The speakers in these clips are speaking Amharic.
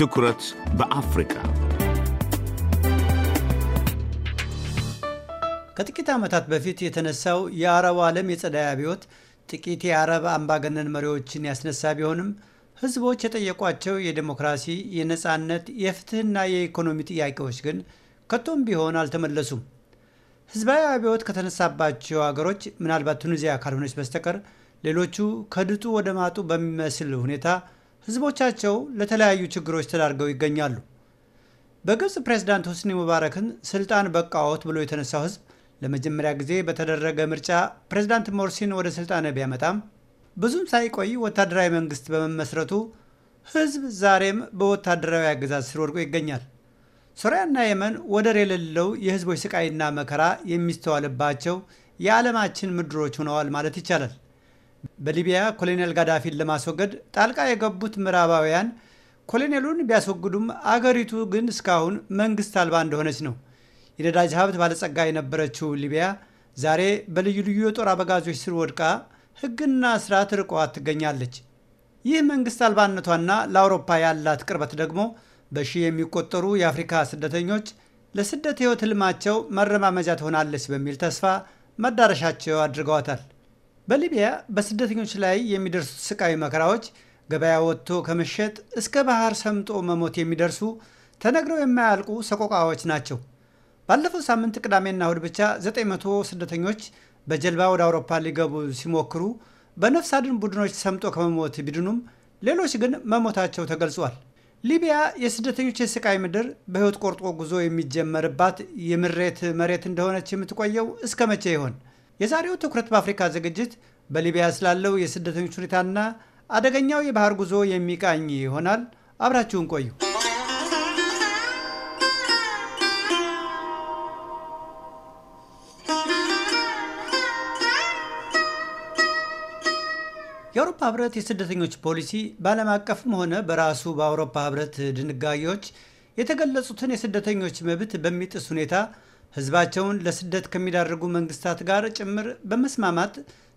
ትኩረት በአፍሪካ ከጥቂት ዓመታት በፊት የተነሳው የአረቡ ዓለም የጸዳይ አብዮት ጥቂት የአረብ አምባገነን መሪዎችን ያስነሳ ቢሆንም ህዝቦች የጠየቋቸው የዴሞክራሲ፣ የነፃነት፣ የፍትህና የኢኮኖሚ ጥያቄዎች ግን ከቶም ቢሆን አልተመለሱም። ህዝባዊ አብዮት ከተነሳባቸው አገሮች ምናልባት ቱኒዚያ ካልሆነች በስተቀር ሌሎቹ ከድጡ ወደ ማጡ በሚመስል ሁኔታ ህዝቦቻቸው ለተለያዩ ችግሮች ተዳርገው ይገኛሉ። በግብፅ ፕሬዝዳንት ሁስኒ ሙባረክን ስልጣን በቃወት ብሎ የተነሳው ህዝብ ለመጀመሪያ ጊዜ በተደረገ ምርጫ ፕሬዝዳንት ሞርሲን ወደ ስልጣን ቢያመጣም ብዙም ሳይቆይ ወታደራዊ መንግስት በመመስረቱ ህዝብ ዛሬም በወታደራዊ አገዛዝ ስር ወድቆ ይገኛል። ሶሪያና የመን ወደር የሌለው የህዝቦች ስቃይና መከራ የሚስተዋልባቸው የዓለማችን ምድሮች ሆነዋል ማለት ይቻላል። በሊቢያ ኮሎኔል ጋዳፊን ለማስወገድ ጣልቃ የገቡት ምዕራባውያን ኮሎኔሉን ቢያስወግዱም አገሪቱ ግን እስካሁን መንግስት አልባ እንደሆነች ነው። የነዳጅ ሀብት ባለጸጋ የነበረችው ሊቢያ ዛሬ በልዩ ልዩ የጦር አበጋዞች ስር ወድቃ ሕግና ስርዓት ርቀዋት ትገኛለች። ይህ መንግስት አልባነቷና ለአውሮፓ ያላት ቅርበት ደግሞ በሺህ የሚቆጠሩ የአፍሪካ ስደተኞች ለስደት ሕይወት ህልማቸው መረማመጃ ትሆናለች በሚል ተስፋ መዳረሻቸው አድርገዋታል። በሊቢያ በስደተኞች ላይ የሚደርሱት ስቃይ መከራዎች ገበያ ወጥቶ ከመሸጥ እስከ ባህር ሰምጦ መሞት የሚደርሱ ተነግረው የማያልቁ ሰቆቃዎች ናቸው። ባለፈው ሳምንት ቅዳሜና እሁድ ብቻ 900 ስደተኞች በጀልባ ወደ አውሮፓ ሊገቡ ሲሞክሩ በነፍስ አድን ቡድኖች ሰምጦ ከመሞት ቢድኑም ሌሎች ግን መሞታቸው ተገልጿል። ሊቢያ የስደተኞች የስቃይ ምድር በሕይወት ቆርጦ ጉዞ የሚጀመርባት የምሬት መሬት እንደሆነች የምትቆየው እስከ መቼ ይሆን? የዛሬው ትኩረት በአፍሪካ ዝግጅት በሊቢያ ስላለው የስደተኞች ሁኔታና አደገኛው የባህር ጉዞ የሚቃኝ ይሆናል። አብራችሁን ቆዩ። የአውሮፓ ህብረት የስደተኞች ፖሊሲ በዓለም አቀፍም ሆነ በራሱ በአውሮፓ ህብረት ድንጋጌዎች የተገለጹትን የስደተኞች መብት በሚጥስ ሁኔታ ህዝባቸውን ለስደት ከሚዳርጉ መንግስታት ጋር ጭምር በመስማማት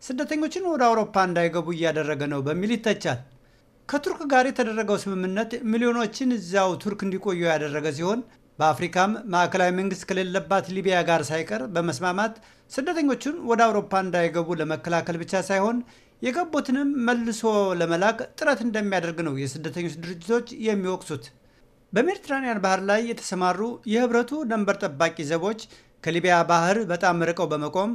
ስደተኞችን ወደ አውሮፓ እንዳይገቡ እያደረገ ነው በሚል ይተቻል። ከቱርክ ጋር የተደረገው ስምምነት ሚሊዮኖችን እዚያው ቱርክ እንዲቆዩ ያደረገ ሲሆን በአፍሪካም ማዕከላዊ መንግስት ከሌለባት ሊቢያ ጋር ሳይቀር በመስማማት ስደተኞቹን ወደ አውሮፓ እንዳይገቡ ለመከላከል ብቻ ሳይሆን የገቡትንም መልሶ ለመላክ ጥረት እንደሚያደርግ ነው የስደተኞች ድርጅቶች የሚወቅሱት። በሜዲትራኒያን ባህር ላይ የተሰማሩ የህብረቱ ደንበር ጠባቂ ዘቦች ከሊቢያ ባህር በጣም ርቀው በመቆም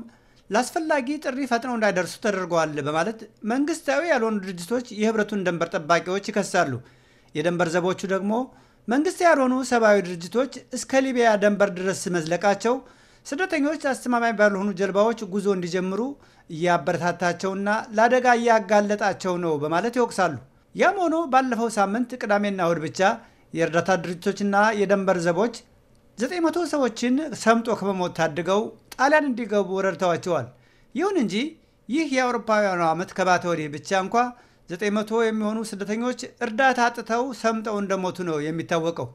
ለአስፈላጊ ጥሪ ፈጥነው እንዳይደርሱ ተደርገዋል በማለት መንግስታዊ ያልሆኑ ድርጅቶች የህብረቱን ደንበር ጠባቂዎች ይከሳሉ። የደንበር ዘቦቹ ደግሞ መንግስት ያልሆኑ ሰብአዊ ድርጅቶች እስከ ሊቢያ ደንበር ድረስ መዝለቃቸው ስደተኞች አስተማማኝ ባልሆኑ ጀልባዎች ጉዞ እንዲጀምሩ እያበረታታቸውና ለአደጋ እያጋለጣቸው ነው በማለት ይወቅሳሉ። ያም ሆኖ ባለፈው ሳምንት ቅዳሜና እሁድ ብቻ የእርዳታ ድርጅቶችና የደንበር ዘቦች 900 ሰዎችን ሰምጦ ከመሞት ታድገው ጣሊያን እንዲገቡ ረድተዋቸዋል። ይሁን እንጂ ይህ የአውሮፓውያኑ ዓመት ከባተ ወዲህ ብቻ እንኳ 900 የሚሆኑ ስደተኞች እርዳታ አጥተው ሰምጠው እንደሞቱ ነው የሚታወቀው።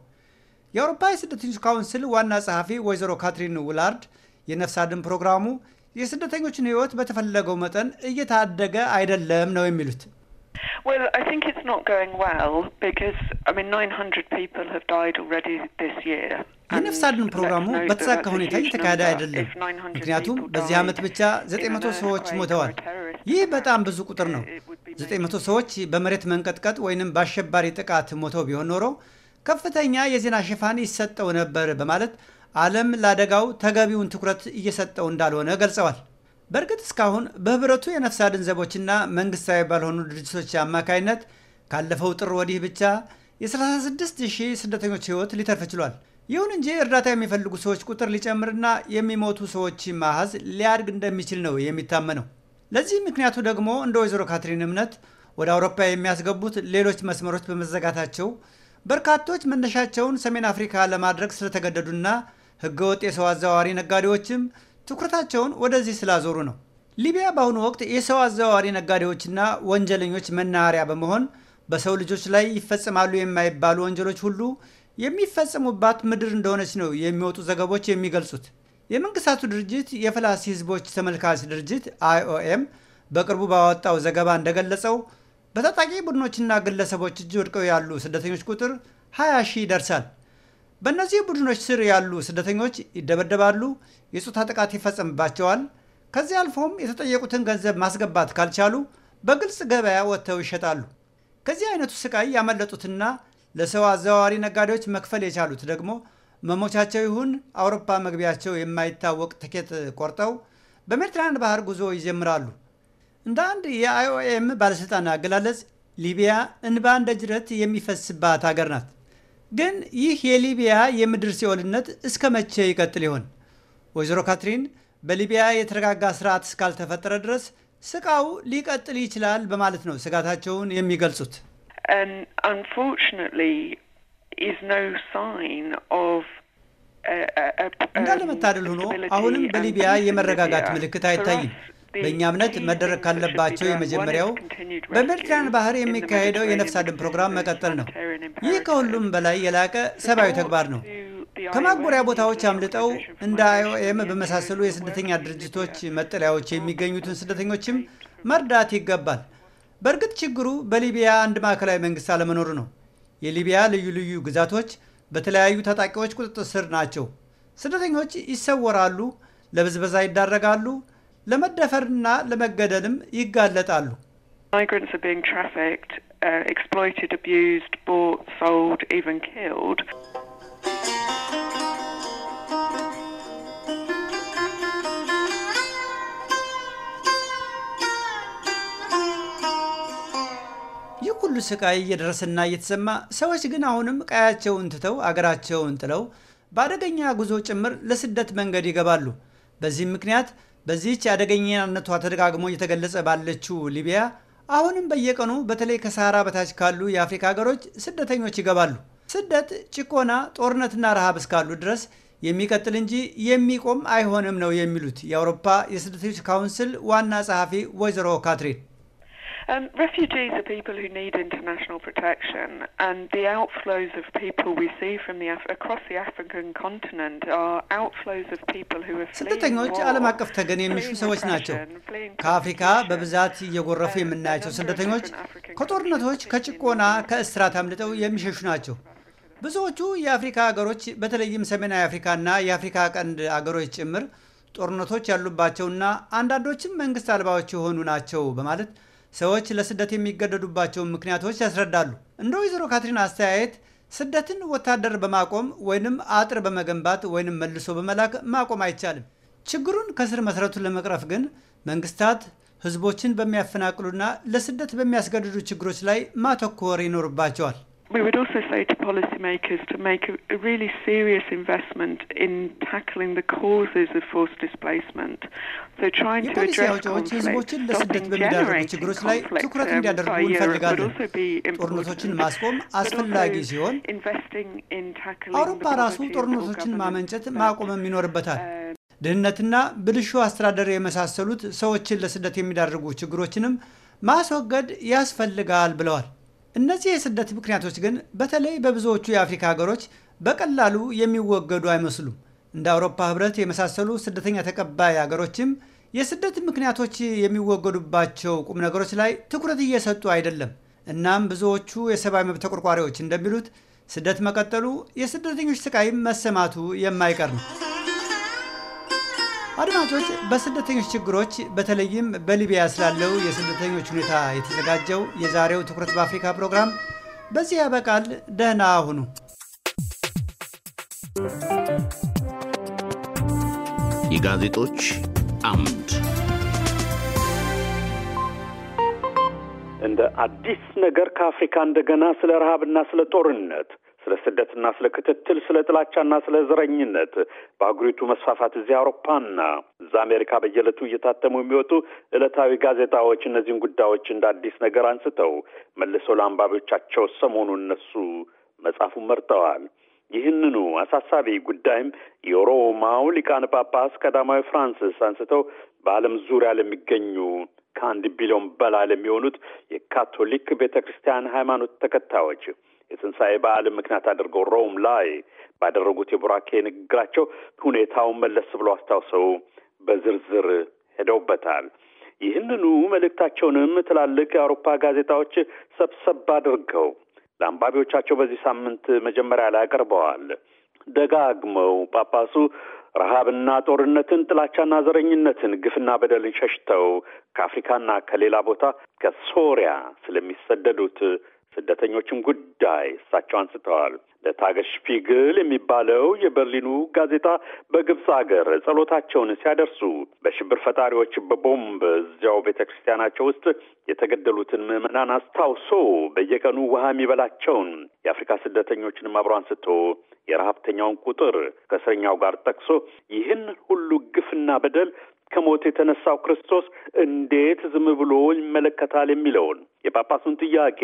የአውሮፓ የስደተኞች ካውንስል ዋና ጸሐፊ ወይዘሮ ካትሪን ውላርድ የነፍስ አድን ፕሮግራሙ የስደተኞችን ሕይወት በተፈለገው መጠን እየታደገ አይደለም ነው የሚሉት። Well, I think it's not going well because, I mean, 900 people have died already this year. የነፍሳድን ፕሮግራሙ በተሳካ ሁኔታ እየተካሄደ አይደለም። ምክንያቱም በዚህ ዓመት ብቻ 900 ሰዎች ሞተዋል። ይህ በጣም ብዙ ቁጥር ነው። 900 ሰዎች በመሬት መንቀጥቀጥ ወይንም በአሸባሪ ጥቃት ሞተው ቢሆን ኖሮ ከፍተኛ የዜና ሽፋን ይሰጠው ነበር በማለት ዓለም ለአደጋው ተገቢውን ትኩረት እየሰጠው እንዳልሆነ ገልጸዋል። በእርግጥ እስካሁን በህብረቱ የነፍስ አድን ዘቦችና መንግስታዊ ባልሆኑ ድርጅቶች አማካይነት ካለፈው ጥር ወዲህ ብቻ የ36 ሺህ ስደተኞች ህይወት ሊተርፍ ችሏል። ይሁን እንጂ እርዳታ የሚፈልጉ ሰዎች ቁጥር ሊጨምርና የሚሞቱ ሰዎች ማሀዝ ሊያድግ እንደሚችል ነው የሚታመነው። ለዚህ ምክንያቱ ደግሞ እንደ ወይዘሮ ካትሪን እምነት ወደ አውሮፓ የሚያስገቡት ሌሎች መስመሮች በመዘጋታቸው በርካቶች መነሻቸውን ሰሜን አፍሪካ ለማድረግ ስለተገደዱና ህገወጥ የሰው አዘዋዋሪ ነጋዴዎችም ትኩረታቸውን ወደዚህ ስላዞሩ ነው። ሊቢያ በአሁኑ ወቅት የሰው አዘዋዋሪ ነጋዴዎችና ወንጀለኞች መናኸሪያ በመሆን በሰው ልጆች ላይ ይፈጽማሉ የማይባሉ ወንጀሎች ሁሉ የሚፈጸሙባት ምድር እንደሆነች ነው የሚወጡ ዘገቦች የሚገልጹት። የመንግስታቱ ድርጅት የፈላሲ ህዝቦች ተመልካች ድርጅት አይኦኤም በቅርቡ ባወጣው ዘገባ እንደገለጸው በታጣቂ ቡድኖችና ግለሰቦች እጅ ወድቀው ያሉ ስደተኞች ቁጥር 20 ሺህ ይደርሳል። በእነዚህ ቡድኖች ስር ያሉ ስደተኞች ይደበደባሉ፣ የጾታ ጥቃት ይፈጸምባቸዋል። ከዚህ አልፎም የተጠየቁትን ገንዘብ ማስገባት ካልቻሉ በግልጽ ገበያ ወጥተው ይሸጣሉ። ከዚህ አይነቱ ስቃይ ያመለጡትና ለሰው አዘዋዋሪ ነጋዴዎች መክፈል የቻሉት ደግሞ መሞቻቸው ይሁን አውሮፓ መግቢያቸው የማይታወቅ ትኬት ቆርጠው በሜዲትራንያን ባህር ጉዞ ይጀምራሉ። እንደ አንድ የአይኦኤም ባለሥልጣን አገላለጽ ሊቢያ እንባ እንደ ጅረት የሚፈስባት ሀገር ናት። ግን ይህ የሊቢያ የምድር ሲኦልነት እስከ መቼ ይቀጥል ይሆን? ወይዘሮ ካትሪን በሊቢያ የተረጋጋ ስርዓት እስካልተፈጠረ ድረስ ስቃው ሊቀጥል ይችላል በማለት ነው ስጋታቸውን የሚገልጹት። እንዳለመታደል ሆኖ አሁንም በሊቢያ የመረጋጋት ምልክት አይታይም። በእኛ እምነት መደረግ ካለባቸው የመጀመሪያው በሜዲትራን ባህር የሚካሄደው የነፍስ አድን ፕሮግራም መቀጠል ነው። ይህ ከሁሉም በላይ የላቀ ሰብአዊ ተግባር ነው። ከማጎሪያ ቦታዎች አምልጠው እንደ አይኦኤም በመሳሰሉ የስደተኛ ድርጅቶች መጠለያዎች የሚገኙትን ስደተኞችም መርዳት ይገባል። በእርግጥ ችግሩ በሊቢያ አንድ ማዕከላዊ መንግስት አለመኖሩ ነው። የሊቢያ ልዩ ልዩ ግዛቶች በተለያዩ ታጣቂዎች ቁጥጥር ስር ናቸው። ስደተኞች ይሰወራሉ፣ ለብዝበዛ ይዳረጋሉ። ለመደፈርና ለመገደልም ይጋለጣሉ። uh, ይህ ሁሉ ስቃይ እየደረሰና እየተሰማ ሰዎች ግን አሁንም ቀያቸውን ትተው አገራቸውን ጥለው በአደገኛ ጉዞ ጭምር ለስደት መንገድ ይገባሉ። በዚህም ምክንያት በዚህች አደገኛነቷ ተደጋግሞ እየተገለጸ ባለችው ሊቢያ አሁንም በየቀኑ በተለይ ከሳህራ በታች ካሉ የአፍሪካ ሀገሮች ስደተኞች ይገባሉ። ስደት፣ ጭቆና፣ ጦርነትና ረሃብ እስካሉ ድረስ የሚቀጥል እንጂ የሚቆም አይሆንም ነው የሚሉት የአውሮፓ የስደተኞች ካውንስል ዋና ጸሐፊ ወይዘሮ ካትሪን Um, refugees are people who need international protection, and the outflows of people we see from the Af across the African continent are outflows of people who are ስደተኞች ዓለም አቀፍ ተገን የሚሹ ሰዎች ናቸው። ከአፍሪካ በብዛት እየጎረፉ um, የምናያቸው ስደተኞች ከጦርነቶች፣ ከጭቆና፣ ከእስራት አምልጠው የሚሸሹ ናቸው። ብዙዎቹ የአፍሪካ ሀገሮች በተለይም ሰሜናዊ አፍሪካና የአፍሪካ ቀንድ አገሮች ጭምር ጦርነቶች ያሉባቸውና አንዳንዶችም መንግስት አልባዎች የሆኑ ናቸው በማለት ሰዎች ለስደት የሚገደዱባቸውን ምክንያቶች ያስረዳሉ። እንደ ወይዘሮ ካትሪን አስተያየት ስደትን ወታደር በማቆም ወይንም አጥር በመገንባት ወይንም መልሶ በመላክ ማቆም አይቻልም። ችግሩን ከስር መሰረቱ ለመቅረፍ ግን መንግስታት ህዝቦችን በሚያፈናቅሉና ለስደት በሚያስገድዱ ችግሮች ላይ ማተኮር ይኖርባቸዋል። We would also say to policymakers to make a, a really serious investment in tackling the causes of forced displacement. So trying to address conflict, stopping generating conflict um, by Europe would also be important, but also investing in tackling the poverty of poor government. Uh, ድህነትና ብልሹ አስተዳደር የመሳሰሉት ሰዎችን ለስደት የሚዳርጉ ችግሮችንም ማስወገድ ያስፈልጋል ብለዋል። እነዚህ የስደት ምክንያቶች ግን በተለይ በብዙዎቹ የአፍሪካ ሀገሮች በቀላሉ የሚወገዱ አይመስሉም። እንደ አውሮፓ ህብረት የመሳሰሉ ስደተኛ ተቀባይ ሀገሮችም የስደት ምክንያቶች የሚወገዱባቸው ቁም ነገሮች ላይ ትኩረት እየሰጡ አይደለም። እናም ብዙዎቹ የሰብአዊ መብት ተቆርቋሪዎች እንደሚሉት ስደት መቀጠሉ፣ የስደተኞች ስቃይም መሰማቱ የማይቀር ነው። አድማጮች በስደተኞች ችግሮች በተለይም በሊቢያ ስላለው የስደተኞች ሁኔታ የተዘጋጀው የዛሬው ትኩረት በአፍሪካ ፕሮግራም በዚህ ያበቃል። ደህና ሁኑ። የጋዜጦች አምድ እንደ አዲስ ነገር ከአፍሪካ እንደገና ስለ ረሃብና ስለ ጦርነት ስለ ስደትና ስለ ክትትል፣ ስለ ጥላቻና ስለ ዘረኝነት በአህጉሪቱ መስፋፋት እዚህ አውሮፓና እዛ አሜሪካ በየዕለቱ እየታተሙ የሚወጡ ዕለታዊ ጋዜጣዎች እነዚህን ጉዳዮች እንደ አዲስ ነገር አንስተው መልሰው ለአንባቢዎቻቸው ሰሞኑን እነሱ መጽሐፉን መርጠዋል። ይህንኑ አሳሳቢ ጉዳይም የሮማው ሊቃነ ጳጳስ ቀዳማዊ ፍራንሲስ አንስተው በዓለም ዙሪያ ለሚገኙ ከአንድ ቢሊዮን በላይ ለሚሆኑት የካቶሊክ ቤተ ክርስቲያን ሃይማኖት ተከታዮች የትንሣኤ በዓልን ምክንያት አድርገው ሮም ላይ ባደረጉት የቡራኬ ንግግራቸው ሁኔታውን መለስ ብሎ አስታውሰው በዝርዝር ሄደውበታል። ይህንኑ መልእክታቸውንም ትላልቅ የአውሮፓ ጋዜጣዎች ሰብሰብ አድርገው ለአንባቢዎቻቸው በዚህ ሳምንት መጀመሪያ ላይ አቅርበዋል። ደጋግመው ጳጳሱ ረሃብና ጦርነትን፣ ጥላቻና ዘረኝነትን፣ ግፍና በደልን ሸሽተው ከአፍሪካና ከሌላ ቦታ ከሶሪያ ስለሚሰደዱት ስደተኞችን ጉዳይ እሳቸው አንስተዋል። ለታገሽ የሚባለው የበርሊኑ ጋዜጣ በግብፅ ሀገር ጸሎታቸውን ሲያደርሱ በሽብር ፈጣሪዎች በቦምብ እዚያው ቤተ ክርስቲያናቸው ውስጥ የተገደሉትን ምዕመናን አስታውሶ በየቀኑ ውሃ የሚበላቸውን የአፍሪካ ስደተኞችንም አብሮ አንስቶ የረሀብተኛውን ቁጥር ከእስረኛው ጋር ጠቅሶ ይህን ሁሉ ግፍና በደል ከሞት የተነሳው ክርስቶስ እንዴት ዝም ብሎ ይመለከታል የሚለውን የጳጳሱን ጥያቄ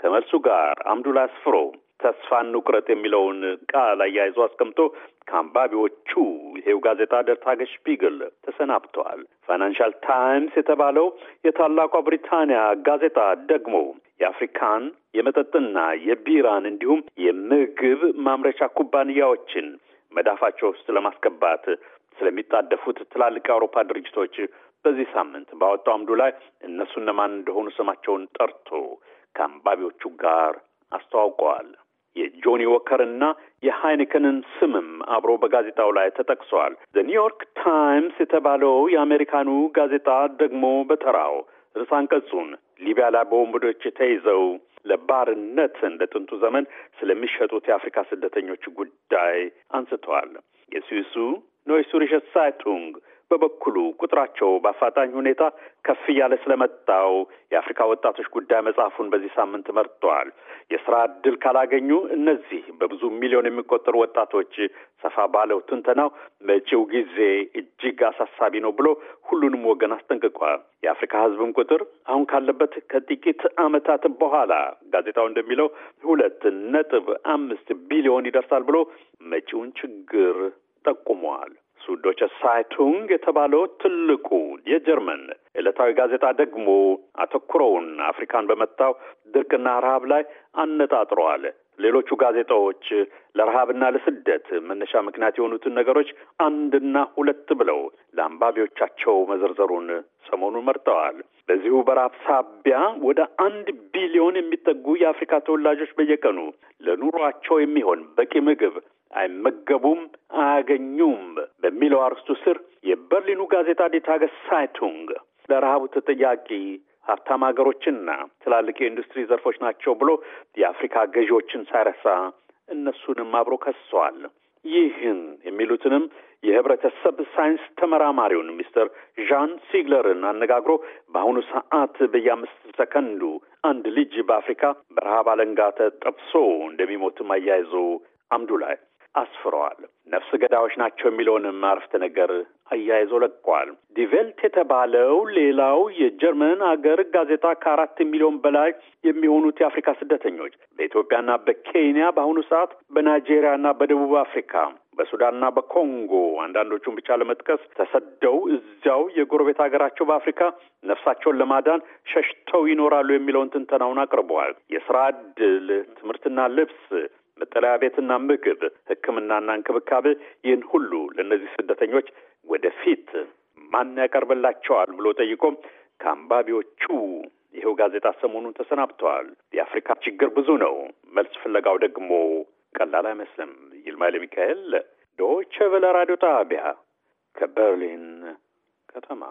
ከመልሱ ጋር አምዱላ አስፍሮ ተስፋን ውቅረት የሚለውን ቃል አያይዞ አስቀምጦ ከአንባቢዎቹ ይሄው ጋዜጣ ደር ቢግል ተሰናብተዋል። ፋይናንሻል ታይምስ የተባለው የታላቋ ብሪታንያ ጋዜጣ ደግሞ የአፍሪካን የመጠጥና የቢራን እንዲሁም የምግብ ማምረቻ ኩባንያዎችን መዳፋቸው ውስጥ ለማስገባት ስለሚጣደፉት ትላልቅ የአውሮፓ ድርጅቶች በዚህ ሳምንት ባወጣው አምዱ ላይ እነሱ እነማን እንደሆኑ ስማቸውን ጠርቶ ከአንባቢዎቹ ጋር አስተዋውቀዋል። የጆኒ ወከር እና የሃይኒከንን ስምም አብሮ በጋዜጣው ላይ ዘ ኒውዮርክ ታይምስ የተባለው የአሜሪካኑ ጋዜጣ ደግሞ በተራው ርዕሰ አንቀጹን ሊቢያ ላይ በወንበዶች ተይዘው ለባርነት እንደ ጥንቱ ዘመን ስለሚሸጡት የአፍሪካ ስደተኞች ጉዳይ አንስተዋል። የስዊሱ ኖይሱሪሸ ሳይቱንግ በበኩሉ ቁጥራቸው በአፋጣኝ ሁኔታ ከፍ እያለ ስለመጣው የአፍሪካ ወጣቶች ጉዳይ መጽሐፉን በዚህ ሳምንት መርጠዋል። የስራ እድል ካላገኙ እነዚህ በብዙ ሚሊዮን የሚቆጠሩ ወጣቶች ሰፋ ባለው ትንተናው መጪው ጊዜ እጅግ አሳሳቢ ነው ብሎ ሁሉንም ወገን አስጠንቅቋል። የአፍሪካ ሕዝብም ቁጥር አሁን ካለበት ከጥቂት ዓመታት በኋላ ጋዜጣው እንደሚለው ሁለት ነጥብ አምስት ቢሊዮን ይደርሳል ብሎ መጪውን ችግር ጠቁመዋል። ሱዶቸ ሳይቱንግ የተባለው ትልቁ የጀርመን ዕለታዊ ጋዜጣ ደግሞ አተኩረውን አፍሪካን በመታው ድርቅና ረሃብ ላይ አነጣጥረዋል። ሌሎቹ ጋዜጣዎች ለረሃብና ለስደት መነሻ ምክንያት የሆኑትን ነገሮች አንድና ሁለት ብለው ለአንባቢዎቻቸው መዘርዘሩን ሰሞኑን መርጠዋል። በዚሁ በረሃብ ሳቢያ ወደ አንድ ቢሊዮን የሚጠጉ የአፍሪካ ተወላጆች በየቀኑ ለኑሯቸው የሚሆን በቂ ምግብ አይመገቡም፣ አያገኙም በሚለው አርስቱ ስር የበርሊኑ ጋዜጣ ዲ ሳይቱንግ ለረሃቡ ተጠያቂ ሀብታም ሀገሮችና ትላልቅ የኢንዱስትሪ ዘርፎች ናቸው ብሎ የአፍሪካ ገዢዎችን ሳይረሳ እነሱንም አብሮ ከሰዋል። ይህን የሚሉትንም የህብረተሰብ ሳይንስ ተመራማሪውን ሚስተር ዣን ሲግለርን አነጋግሮ በአሁኑ ሰዓት በየአምስት ሰከንዱ አንድ ልጅ በአፍሪካ በረሃብ አለንጋ ተጠብሶ እንደሚሞትም አያይዞ አምዱ ላይ አስፍረዋል። ነፍስ ገዳዮች ናቸው የሚለውንም አረፍተ ነገር አያይዞ ለቋል። ዲቬልት የተባለው ሌላው የጀርመን አገር ጋዜጣ ከአራት ሚሊዮን በላይ የሚሆኑት የአፍሪካ ስደተኞች በኢትዮጵያና በኬንያ በአሁኑ ሰዓት በናይጄሪያና በደቡብ አፍሪካ በሱዳንና በኮንጎ አንዳንዶቹን ብቻ ለመጥቀስ ተሰደው እዚያው የጎረቤት ሀገራቸው በአፍሪካ ነፍሳቸውን ለማዳን ሸሽተው ይኖራሉ የሚለውን ትንተናውን አቅርበዋል። የስራ ዕድል፣ ትምህርትና ልብስ መጠለያ ቤትና ምግብ፣ ሕክምናና እንክብካቤ፣ ይህን ሁሉ ለእነዚህ ስደተኞች ወደፊት ማን ያቀርብላቸዋል ብሎ ጠይቆ ከአንባቢዎቹ ይኸው ጋዜጣ ሰሞኑን ተሰናብተዋል። የአፍሪካ ችግር ብዙ ነው፣ መልስ ፍለጋው ደግሞ ቀላል አይመስልም። ይልማይል ሚካኤል ዶይቼ ቬለ ራዲዮ ጣቢያ ከበርሊን ከተማ